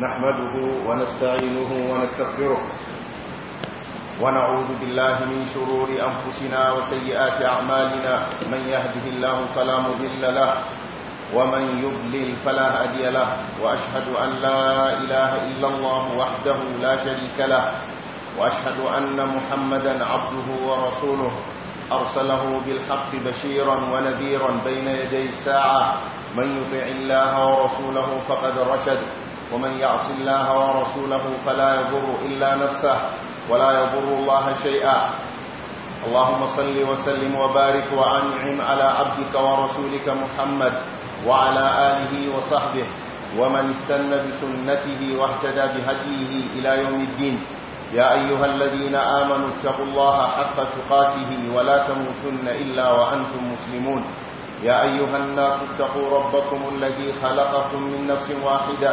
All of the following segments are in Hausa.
نحمده ونستعينه ونستغفره ونعوذ بالله من شرور أنفسنا وسيئات أعمالنا من يهده الله فلا مذل له ومن يضلل فلا هادي له وأشهد أن لا إله إلا الله وحده لا شريك له وأشهد أن محمدا عبده ورسوله أرسله بالحق بشيرا ونذيرا بين يدي الساعة من يطع الله ورسوله فقد رشد ومن يعص الله ورسوله فلا يضر إلا نفسه ولا يضر الله شيئا اللهم صل وسلم وبارك وأنعم على عبدك ورسولك محمد وعلى آله وصحبه ومن استنى بسنته واهتدى بهديه إلى يوم الدين يا أيها الذين آمنوا اتقوا الله حق تقاته ولا تموتن إلا وأنتم مسلمون يا أيها الناس اتقوا ربكم الذي خلقكم من نفس واحدة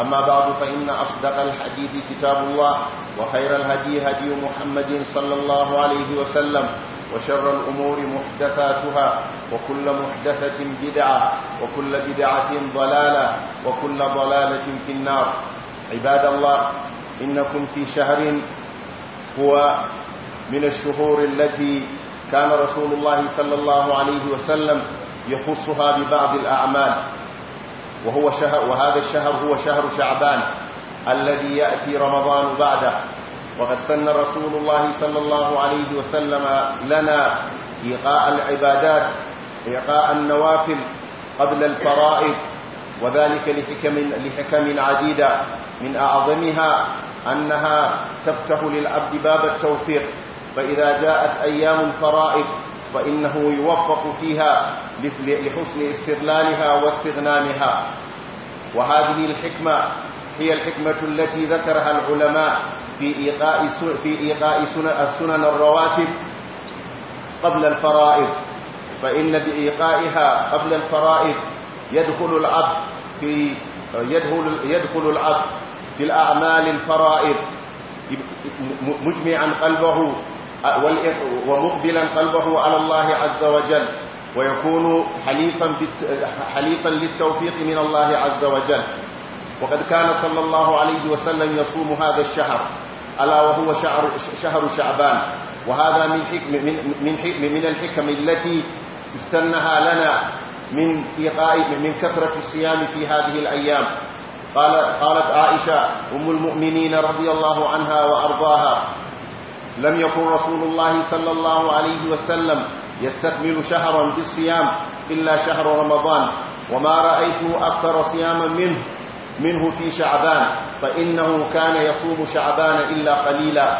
أما بعد فإن أصدق الحديث كتاب الله وخير الهدي هدي محمد صلى الله عليه وسلم وشر الأمور محدثاتها وكل محدثة بدعة وكل بدعة ضلالة وكل ضلالة في النار عباد الله إنكم في شهر هو من الشهور التي كان رسول الله صلى الله عليه وسلم يخصها ببعض الأعمال وهو شهر وهذا الشهر هو شهر شعبان الذي يأتي رمضان بعده وقد سن رسول الله صلى الله عليه وسلم لنا إيقاء العبادات إيقاء النوافل قبل الفرائض وذلك لحكم, لحكم عديدة من أعظمها أنها تفتح للعبد باب التوفيق فإذا جاءت أيام الفرائض فإنه يوفق فيها لحسن استغلالها واستغنامها وهذه الحكمة هي الحكمة التي ذكرها العلماء في إيقاء, في إيقاء السنن الرواتب قبل الفرائض فإن بإيقائها قبل الفرائض يدخل العبد في يدخل, يدخل العبد في الأعمال الفرائض مجمعا قلبه ومقبلا قلبه على الله عز وجل ويكون حليفا, حليفا للتوفيق من الله عز وجل وقد كان صلى الله عليه وسلم يصوم هذا الشهر ألا وهو شهر, شهر شعبان وهذا من, حكم من, من, حكم من الحكم التي استنها لنا من, إيقاء من كثرة الصيام في هذه الأيام قال قالت عائشة أم المؤمنين رضي الله عنها وأرضاها لم يكن رسول الله صلى الله عليه وسلم يستكمل شهرا بالصيام إلا شهر رمضان وما رأيته أكثر صياما منه منه في شعبان فإنه كان يصوم شعبان إلا قليلا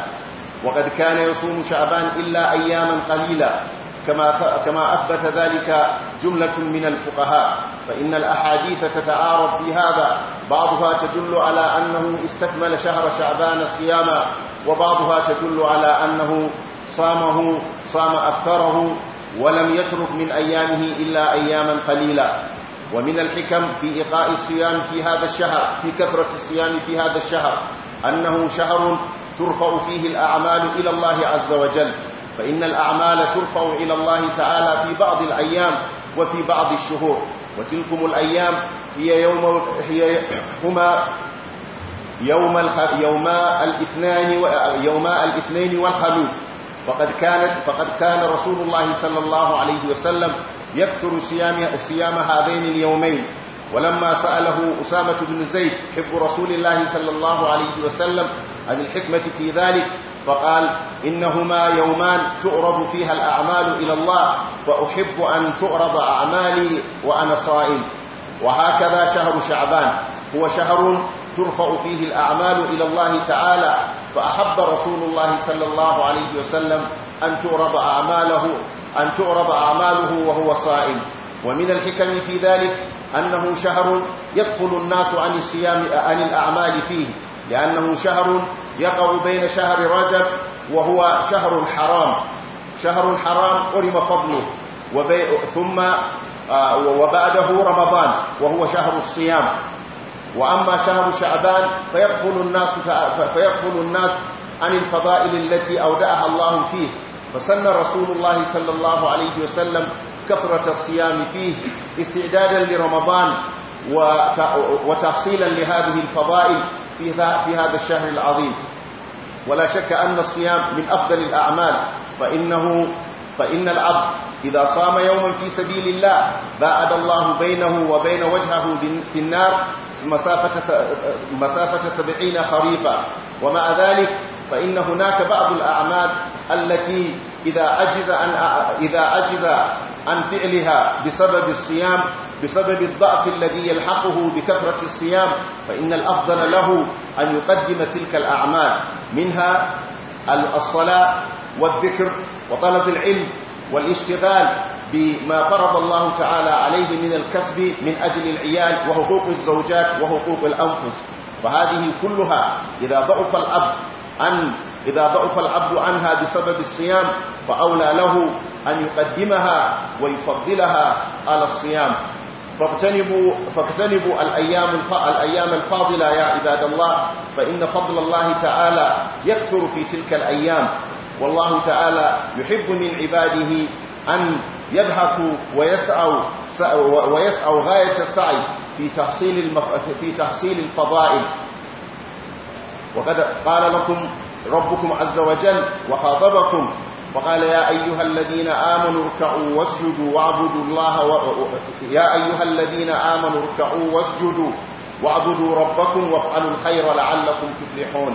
وقد كان يصوم شعبان إلا أياما قليلا كما كما أثبت ذلك جملة من الفقهاء فإن الأحاديث تتعارض في هذا بعضها تدل على أنه استكمل شهر شعبان صياما وبعضها تدل على أنه صامه صام أكثره ولم يترك من أيامه إلا أياما قليلة ومن الحكم في إقاء الصيام في هذا الشهر في كثرة الصيام في هذا الشهر أنه شهر ترفع فيه الأعمال إلى الله عز وجل فإن الأعمال ترفع إلى الله تعالى في بعض الأيام وفي بعض الشهور وتلكم الأيام هي يوم هي هما يوم الخ... يوما الاثنين و... الاثنين والخميس وقد كانت فقد كان رسول الله صلى الله عليه وسلم يكثر صيام صيام هذين اليومين ولما سأله أسامة بن زيد حب رسول الله صلى الله عليه وسلم عن الحكمة في ذلك فقال إنهما يومان تعرض فيها الأعمال إلى الله فأحب أن تعرض أعمالي وأنا صائم وهكذا شهر شعبان هو شهر ترفع فيه الأعمال إلى الله تعالى فأحب رسول الله صلى الله عليه وسلم أن تعرض أعماله أن تعرض أعماله وهو صائم ومن الحكم في ذلك أنه شهر يغفل الناس عن الصيام عن الأعمال فيه لأنه شهر يقع بين شهر رجب وهو شهر حرام شهر حرام حرم فضله ثم آه، وبعده رمضان وهو شهر الصيام وأما شهر شعبان فيقفل الناس, فيقفل الناس عن الفضائل التي أودعها الله فيه فسن رسول الله صلى الله عليه وسلم كثرة الصيام فيه استعدادا لرمضان وتحصيلا لهذه الفضائل في هذا الشهر العظيم ولا شك أن الصيام من أفضل الأعمال فإنه فإن العبد إذا صام يوما في سبيل الله باعد الله بينه وبين وجهه في النار مسافة, مسافة سبعين خريفا ومع ذلك فإن هناك بعض الأعمال التي إذا أجز عن, إذا أجز عن فعلها بسبب الصيام بسبب الضعف الذي يلحقه بكثرة الصيام فإن الأفضل له أن يقدم تلك الأعمال منها الصلاة والذكر وطلب العلم والاشتغال بما فرض الله تعالى عليه من الكسب من أجل العيال وحقوق الزوجات وحقوق الأنفس فهذه كلها إذا ضعف العبد عن إذا ضعف العبد عنها بسبب الصيام فأولى له أن يقدمها ويفضلها على الصيام فاغتنبوا, فاغتنبوا الأيام, الأيام الفاضلة يا عباد الله فإن فضل الله تعالى يكثر في تلك الأيام والله تعالى يحب من عباده أن يبحثوا ويسعوا ويسعوا غاية السعي في تحصيل في تحصيل الفضائل وقد قال لكم ربكم عز وجل وخاطبكم وقال يا أيها الذين آمنوا اركعوا واسجدوا واعبدوا الله و... يا أيها الذين آمنوا اركعوا واسجدوا واعبدوا ربكم وافعلوا الخير لعلكم تفلحون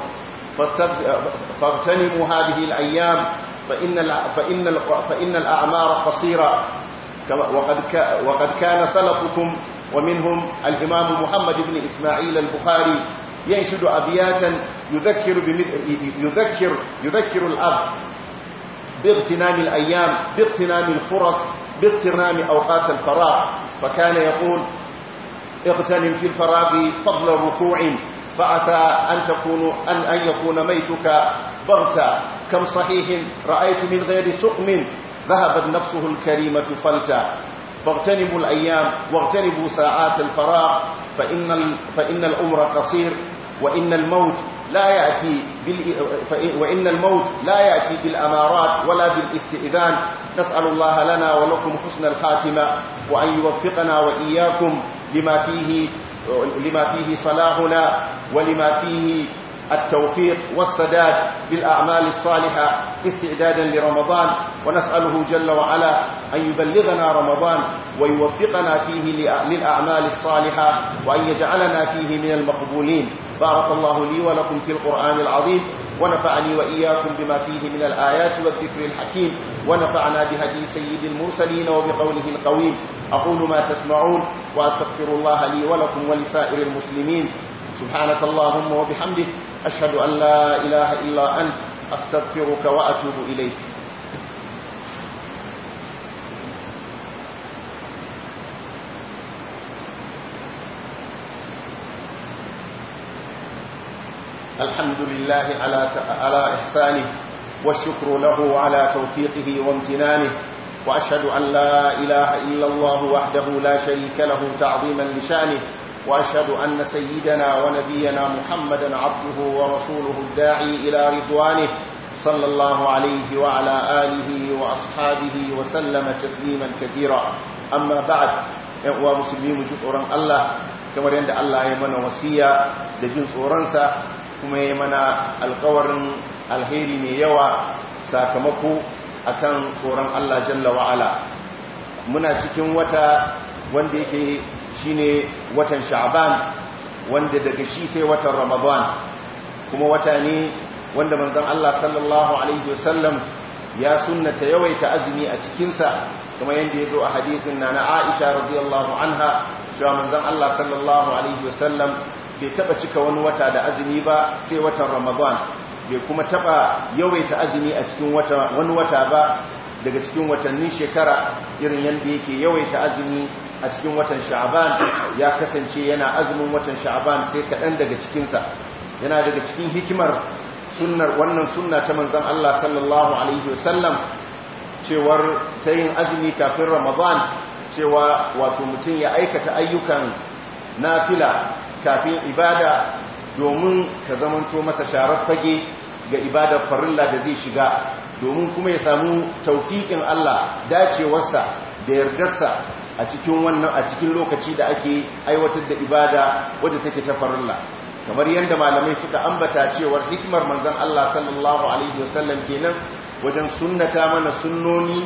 فاغتنموا هذه الأيام فإن, فإن, فإن الأعمار قصيرة وقد, وقد كان سلفكم ومنهم الإمام محمد بن إسماعيل البخاري ينشد أبياتا يذكر, يذكر, يذكر الأب باغتنام الأيام باغتنام الفرص باغتنام أوقات الفراغ فكان يقول اغتنم في الفراغ فضل ركوع فعسى أن, تكون أن, أن يكون ميتك بغتا كم صحيح رأيت من غير سقم ذهبت نفسه الكريمة فلتا فاغتنموا الأيام واغتنموا ساعات الفراغ فإن, فإن الأمر قصير وإن الموت لا يأتي بال... وإن الموت لا يأتي بالأمارات ولا بالاستئذان نسأل الله لنا ولكم حسن الخاتمة وأن يوفقنا وإياكم لما فيه لما فيه صلاحنا ولما فيه التوفيق والسداد بالأعمال الصالحة استعدادا لرمضان ونسأله جل وعلا أن يبلغنا رمضان ويوفقنا فيه للأعمال الصالحة وأن يجعلنا فيه من المقبولين بارك الله لي ولكم في القرآن العظيم ونفعني وإياكم بما فيه من الآيات والذكر الحكيم ونفعنا بهدي سيد المرسلين وبقوله القويم أقول ما تسمعون وأستغفر الله لي ولكم ولسائر المسلمين سبحانك اللهم وبحمدك أشهد أن لا إله إلا أنت أستغفرك وأتوب إليك الحمد لله على على إحسانه والشكر له على توفيقه وامتنانه وأشهد أن لا إله إلا الله وحده لا شريك له تعظيما لشأنه وأشهد أن سيدنا ونبينا محمدا عبده ورسوله الداعي إلى رضوانه صلى الله عليه وعلى آله وأصحابه وسلم تسليما كثيرا أما بعد ومسلمين جثورا الله كما عند الله يمن وسيا لجن صورنسا كما يمن القور الهيري ميوا ساكمكو akan tsoron Allah jalla wa'ala muna cikin wata wanda yake shine watan sha'ban wanda daga shi sai watan ramadan kuma wata ne wanda manzon Allah sallallahu alaihi wasallam ya sunnata yawaita azumi a cikinsa kuma yanda ya zo a hadisin na na Aisha radiyallahu anha cewa manzon Allah sallallahu alaihi wasallam bai taba cika wani wata da azumi ba sai watan ramadan bai kuma taba yawaita azumi a cikin wani wata ba daga cikin watannin shekara irin yadda yake yawaita azumi a cikin watan sha'aban ya kasance yana azumin watan sha'aban sai kaɗan daga cikinsa yana daga cikin hikimar sunnar wannan sunna ta manzan Allah sallallahu alaihi wasallam cewar ta yin azumi kafin ramadan cewa wato mutum ya aikata ayyukan nafila kafin ibada domin ka zamanto masa sharar fage ga ibadar farilla da zai shiga domin kuma ya samu taufiƙin Allah dacewarsa da yardarsa a cikin wannan a cikin lokaci da ake aiwatar da ibada wadda take ta farilla kamar yadda malamai suka ambata cewar hikmar manzon Allah sallallahu alaihi wasallam kenan wajen sunnata mana sunnoni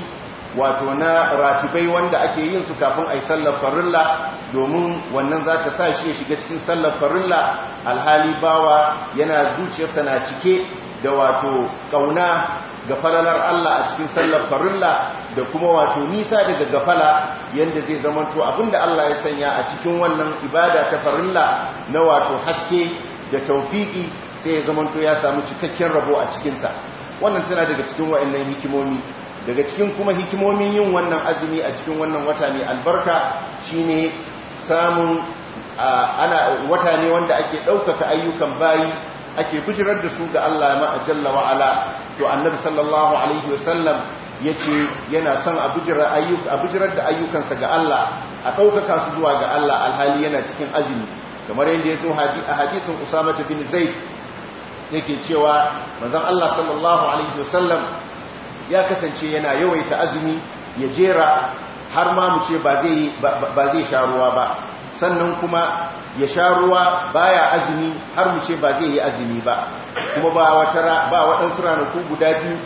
wato na ratibai wanda ake yin su kafin a yi sallar farilla domin wannan za sa shi ya shiga cikin sallar farilla alhali bawa yana zuciyarsa na cike da wato kauna ga falalar Allah a cikin sallar farilla da kuma wato nisa daga gafala yanda zai zamanto abinda Allah ya sanya a cikin wannan ibada ta farilla na wato haske da taufiki sai ya zamanto ya samu cikakken rabo a cikinsa wannan tana daga cikin wa'annan hikimomi daga cikin kuma hikimomin yin wannan azumi a cikin wannan wata mai albarka shine samun ana wata ne wanda ake ɗaukaka ayyukan bayi ake bujirar da su ga Allah ma jalla wa ala to annabi sallallahu alaihi wa sallam, yace yana son a bujirar ayyuka a bujirar da ayyukansa ga Allah a daukaka su zuwa ga Allah alhali yana cikin azumi kamar yadda ya zo a hadisin Usama bin Zaid yake cewa manzon Allah sallallahu alaihi wa sallam, ya kasance yana yawaita azumi ya jera har ma mu ce ba zai sha ruwa ba sannan kuma ya sha ruwa baya azumi har mu ce ba zai yi azumi ba kuma ba wata ba waɗansu ranaku guda biyu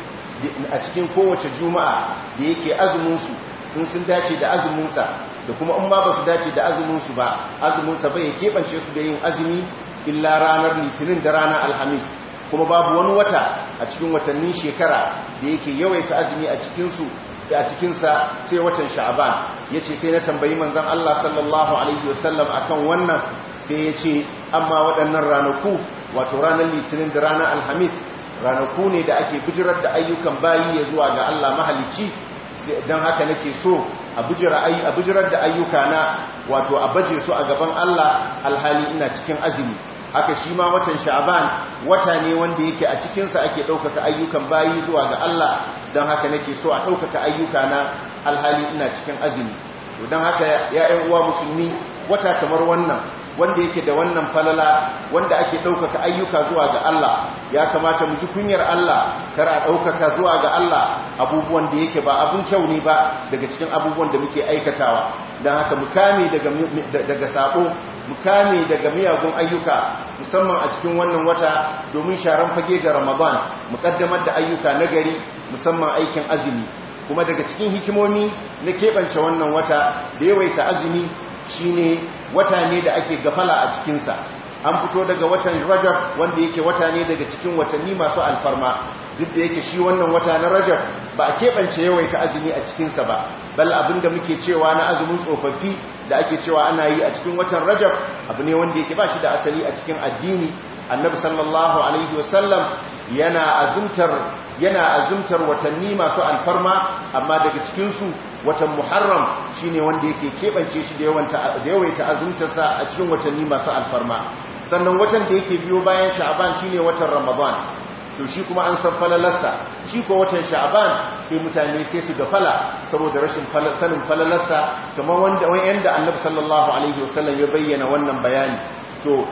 a cikin kowace juma'a da yake azuminsu in sun dace da azuminsa da kuma in ba ba su dace da azuminsu ba azuminsa bai ya keɓance su da yin azumi illa ranar litinin da ranar alhamis kuma babu wani wata a cikin watannin shekara da yake yawaita azumi a cikinsu da a cikinsa sai watan sha'aban ya ce sai na tambayi manzan Allah sallallahu alaihi wasallam akan wannan sai ya ce amma waɗannan ranaku wato ranar litinin da ranar alhamis ranaku ne da ake bijirar da ayyukan bayi ya zuwa ga Allah mahalicci don haka nake so a bijirar da ayyuka na wato a baje su a gaban Allah alhali ina cikin azumi haka shi ma watan sha'aban wata ne wanda yake a cikinsa ake ɗaukaka ayyukan bayi zuwa ga Allah don haka nake so a ɗaukaka ayyuka na alhali ina cikin azumi don haka ya'yan uwa musulmi wata kamar wannan wanda yake da wannan falala wanda ake ɗaukaka ayyuka zuwa ga Allah ya kamata mu ji kunyar Allah kar a ɗaukaka zuwa ga Allah abubuwan da yake ba abun kyau ne ba daga cikin abubuwan da muke aikatawa don haka mu kame daga saƙo mu kame daga miyagun ayyuka musamman a cikin wannan wata domin sharan fage ga ramadan mu kaddamar da ayyuka na gari musamman aikin azumi kuma daga cikin hikimomi na keɓance wannan wata da yawaita azumi shine wata ne da ake gafala a cikinsa an fito daga watan rajab wanda yake wata ne daga cikin watanni masu alfarma duk da yake shi wannan wata na rajab ba a keɓance yawaita azumi a cikinsa ba bal abin da muke cewa na azumin tsofaffi da ake cewa ana yi a cikin watan rajab abu ne wanda yake ba shi da asali a cikin addini annabi sallallahu alaihi wasallam yana azumtar yana azumtar watanni masu alfarma amma daga cikinsu watan muharram shine wanda yake keɓance shi da yawaita azumtarsa a cikin watanni masu alfarma sannan watan da yake biyo bayan sha'aban shine watan ramadan to shi kuma an san falalarsa shi ko watan sha'aban sai mutane sai su gafala saboda rashin sanin falalarsa kamar wanda yanda annabi sallallahu alaihi wasallam ya bayyana wannan bayani to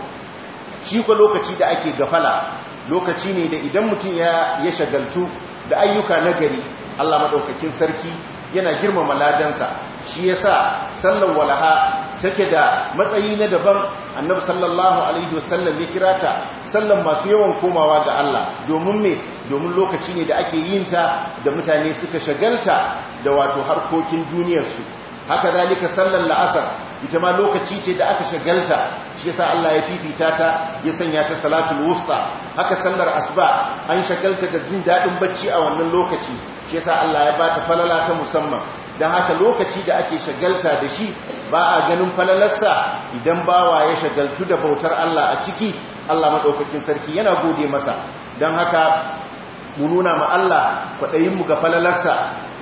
shi ko lokaci da ake gafala lokaci ne da idan mutum ya shagaltu da ayyuka na gari Allah madaukakin sarki yana girmama ladansa shi yasa sallar walaha take da matsayi na daban annabi sallallahu alaihi wasallam ya kira ta sallan masu yawan komawa ga Allah domin me domin lokaci ne da ake yin ta da mutane suka shagalta da wato harkokin duniyar su haka dalika sallar la'asar ita ma lokaci ce da aka shagalta shi yasa Allah ya fifita ta ya sanya ta salatul wusta haka sallar asuba an shagalta da jin dadin bacci a wannan lokaci shi yasa Allah ya bata falala ta musamman dan haka lokaci da ake shagalta da shi ba a ganin falalarsa idan bawa ya shagaltu da bautar Allah a ciki Allah maɗaukakin sarki yana gode masa dan haka mu nuna ma Allah kwadayin mu ga falalarsa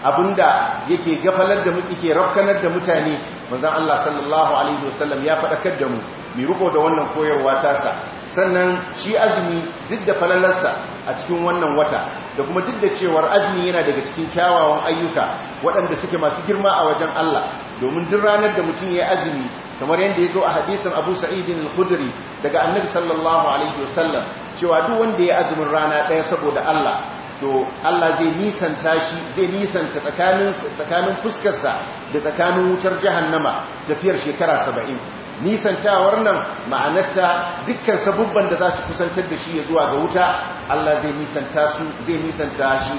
abinda yake gafalar da muke ke rafkanar da mutane manzon Allah sallallahu alaihi wasallam ya faɗakar da mu mai riko da wannan koyarwa tasa sannan shi azumi duk da falalarsa a cikin wannan wata da kuma duk da cewar azumi yana daga cikin kyawawan ayyuka waɗanda suke masu girma a wajen Allah domin duk ranar da mutum ya yi azumi kamar yadda ya zo a hadisin Abu Sa'id al-Khudri daga Annabi sallallahu alaihi wasallam cewa duk wanda ya azumin rana ɗaya saboda Allah to Allah zai nisanta shi zai nisanta tsakanin tsakanin fuskarsa da tsakanin wutar jahannama tafiyar shekara 70 nisantawar nan ma'anarta dukkan sabubban da za su kusantar da shi ya zuwa ga wuta Allah zai nisanta su zai nisanta shi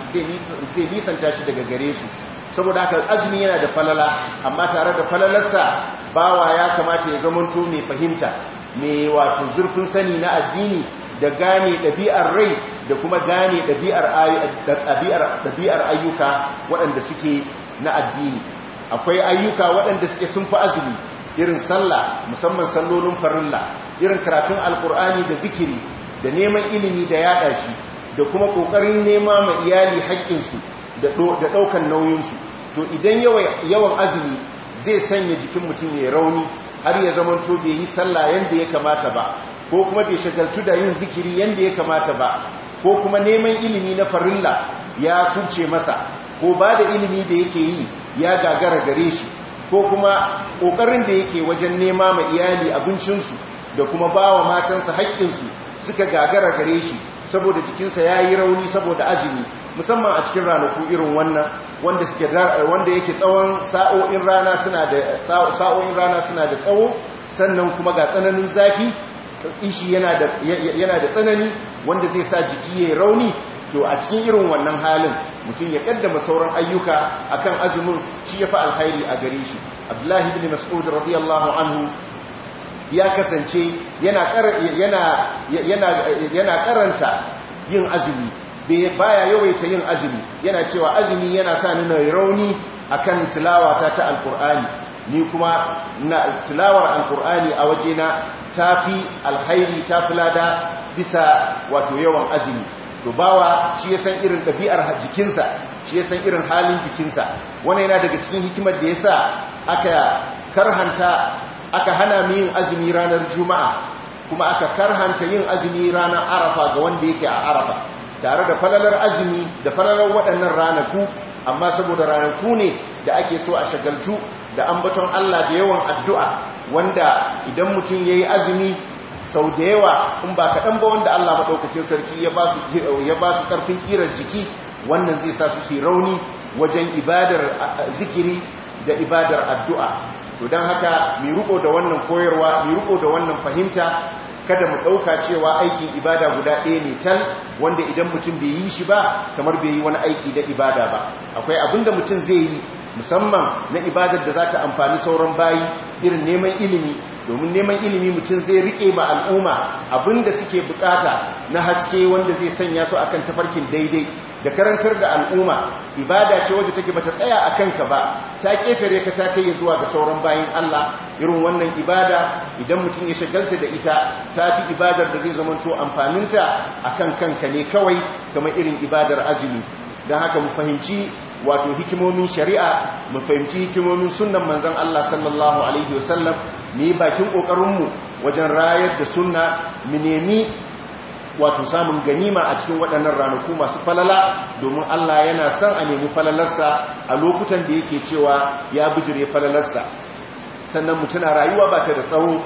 zai nisanta shi daga gare su saboda haka azumi yana da falala amma tare da falalarsa bawa ya kamata ya zamanto mai fahimta mai wato zurfin sani na addini da gane ɗabi'ar rai da kuma gane ɗabi'ar ayyuka waɗanda suke na addini akwai ayyuka waɗanda suke sun fi azumi irin sallah musamman sallolin farilla irin karatun alkur'ani da zikiri da neman ilimi da yada shi da kuma kokarin nema ma iyali haƙƙinsu da ɗaukan nauyinsu to idan yawan azumi zai sanya jikin mutum ya rauni har ya zama to bai yi sallah yadda ya kamata ba ko kuma bai shagaltu da yin zikiri yadda ya kamata ba ko kuma neman ilimi na farilla ya kurce masa ko ba da ilimi da yake yi ya gagara gare shi ko kuma ƙoƙarin da yake wajen nema ma iyali abincinsu da kuma ba wa matansa haƙƙinsu suka gagara gare shi saboda jikinsa ya yi rauni saboda azumi musamman a cikin ranaku irin wannan wanda suke wanda yake tsawon sa'o'in rana suna da sa'o'in rana suna da tsawo sannan kuma ga tsananin zafi ishi yana da yana da tsanani wanda zai sa jiki yayi rauni to a cikin irin wannan halin mutum ya kaddama sauran ayyuka a kan azumin shi ya fi alkhairi a gare shi abdullahi ibn mas'ud radiyallahu anhu ya kasance yana karanta yin azumi baya yawaita yin azumi yana cewa azumi yana sa ni na rauni akan tilawata ta alkur'ani ni kuma na tilawar alkur'ani a wajena tafi ta fi lada bisa wato yawan azumi to bawa shi ya san irin ɗabi'ar jikinsa shi ya san irin halin jikinsa wani yana daga cikin hikimar da ya sa aka karhanta aka hana mu yin azumi ranar juma'a kuma aka karhanta yin azumi ranar arafa ga wanda yake a arafa tare da falalar azumi da falalar waɗannan ranaku amma saboda ranaku ne da ake so a shagaltu da ambaton Allah da yawan addu'a wanda idan mutum ya yi azumi sau da yawa in ba kaɗan ba wanda Allah maɗaukakin sarki ya ba su ƙarfin ƙirar jiki wannan zai sa su shi rauni wajen ibadar zikiri da ibadar addu'a to don haka mai riko da wannan koyarwa mai riko da wannan fahimta kada mu ɗauka cewa aikin ibada guda ɗaya ne tal wanda idan mutum bai yi shi ba kamar bai yi wani aiki da ibada ba akwai abin da mutum zai yi musamman na ibadar da za ta amfani sauran bayi irin neman ilimi domin neman ilimi mutum zai rike ba al'umma abinda suke bukata na haske wanda zai sanya su akan tafarkin daidai da karantar da al'umma ibada ce wadda take bata tsaya a kanka ba ta ketare ka ta kai zuwa ga sauran bayin Allah irin wannan ibada idan mutum ya shagalta da ita ta fi ibadar da zai zamanto amfaninta kan kanka ne kawai kamar irin ibadar azumi don haka mu fahimci wato hikimomin shari'a mu fahimci hikimomin sunnan manzon Allah sallallahu alaihi wasallam mu yi bakin ƙoƙarinmu wajen rayar da sunna mu nemi wato samun ganima a cikin waɗannan ranaku masu falala domin Allah yana son a nemi falalarsa a lokutan da yake cewa ya bijire falalarsa sannan mutuna rayuwa ba ta da tsawo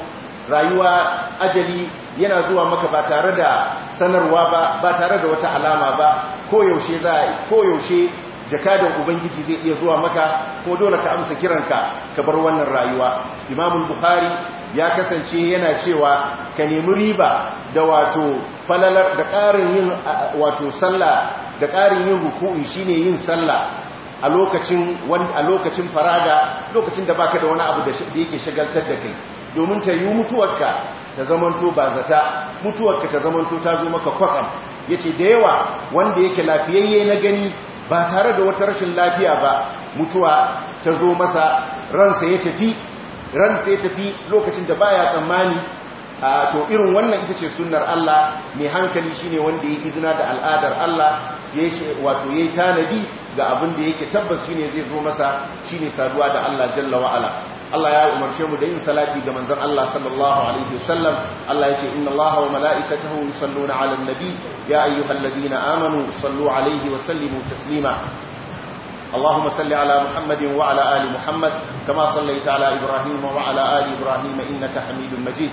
rayuwa ajali yana zuwa maka ba tare da sanarwa ba ba tare da wata alama ba koyaushe za koyaushe jakadan ubangiji zai iya zuwa maka ko dole ka amsa kiranka ka bar wannan rayuwa imamul bukhari ya kasance yana cewa ka nemi riba da wato falalar da ƙarin yin wato sallah da ƙarin yin ruku'i shine yin sallah a lokacin a lokacin farada lokacin da baka da wani abu da yake shagaltar da kai domin ta yi mutuwarka ta zamanto ba zata mutuwarka ta zamanto ta zo maka kwatsam yace da yawa wanda yake lafiyayye na gani ba tare da wata rashin lafiya ba mutuwa ta zo masa ransa ya tafi ransa ya tafi lokacin da baya tsammani a to irin wannan ita ce sunnar Allah mai hankali shine wanda ya izina da al'adar Allah wato ya yi tanadi ga abin da yake tabbas shine zai zo masa shine saduwa da Allah jalla wa'ala Allah ya umarce mu da yin salati ga manzon Allah sallallahu Allah ya ce yace inna Allaha wa mala'ikatahu yusalluna 'alan nabi ya ayyuhalladhina amanu sallu 'alaihi wa sallimu taslima Allahumma salli ala Muhammadin wa ali Muhammad kama sallaita ala Ibrahim wa ala ali Ibrahim innaka Hamidum Majid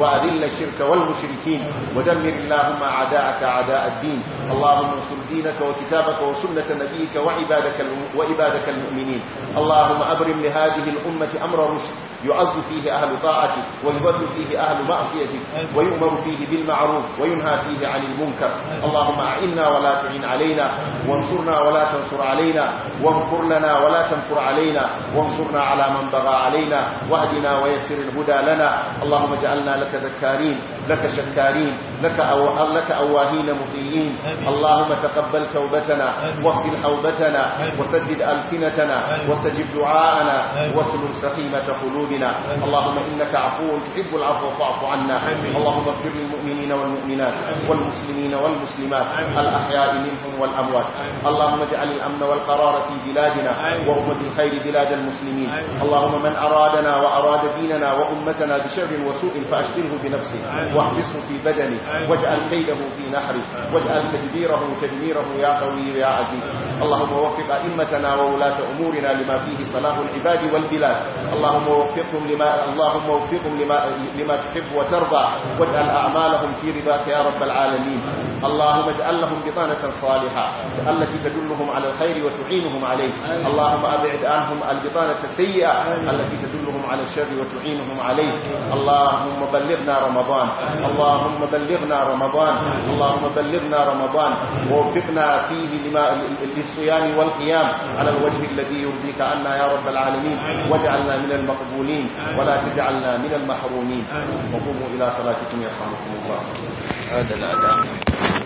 وأذل الشرك والمشركين ودمر اللهم أعداءك أعداء الدين اللهم انصر دينك وكتابك وسنة نبيك وعبادك, وعبادك المؤمنين اللهم أبرم لهذه الأمة أمر رشد يعز فيه أهل طاعتك ويذل فيه أهل معصيتك ويؤمر فيه بالمعروف وينهى فيه عن المنكر اللهم أعنا ولا تعن علينا وانصرنا ولا تنصر علينا وانكر لنا ولا تنكر علينا وانصرنا على من بغى علينا واهدنا ويسر الهدى لنا اللهم اجعلنا لك ذكارين لك شكارين لك, أو لك أواهين مطيعين اللهم تقبل توبتنا واغسل حوبتنا وسدد ألسنتنا واستجب دعاءنا واسلل سقيمة قلوبنا اللهم إنك عفو تحب العفو فاعف عنا اللهم اغفر للمؤمنين والمؤمنات والمسلمين والمسلمات الأحياء منهم والأموات اللهم اجعل الأمن والقرار في بلادنا وهم بالخير بلاد المسلمين اللهم من أرادنا وأراد ديننا وأمتنا بشر وسوء فأشكره بنفسه واحبسه في بدنه واجعل كيده في نحره واجعل تدبيره تدميره يا قوي يا عزيز اللهم وفق أئمتنا وولاة أمورنا لما فيه صلاح العباد والبلاد اللهم وفقهم لما, اللهم وفقهم لما, لما تحب وترضى واجعل أعمالهم في رضاك يا رب العالمين اللهم اجعل لهم بطانة صالحة التي تدلهم على الخير وتعينهم عليه اللهم أبعد عنهم البطانة السيئة التي تدلهم على الشر وتعينهم عليه اللهم بلغنا رمضان اللهم بلغنا رمضان اللهم بلغنا رمضان ووفقنا فيه لما للصيام والقيام على الوجه الذي يرضيك عنا يا رب العالمين واجعلنا من المقبولين ولا تجعلنا من المحرومين وقوموا إلى صلاتكم يرحمكم الله هذا الأداء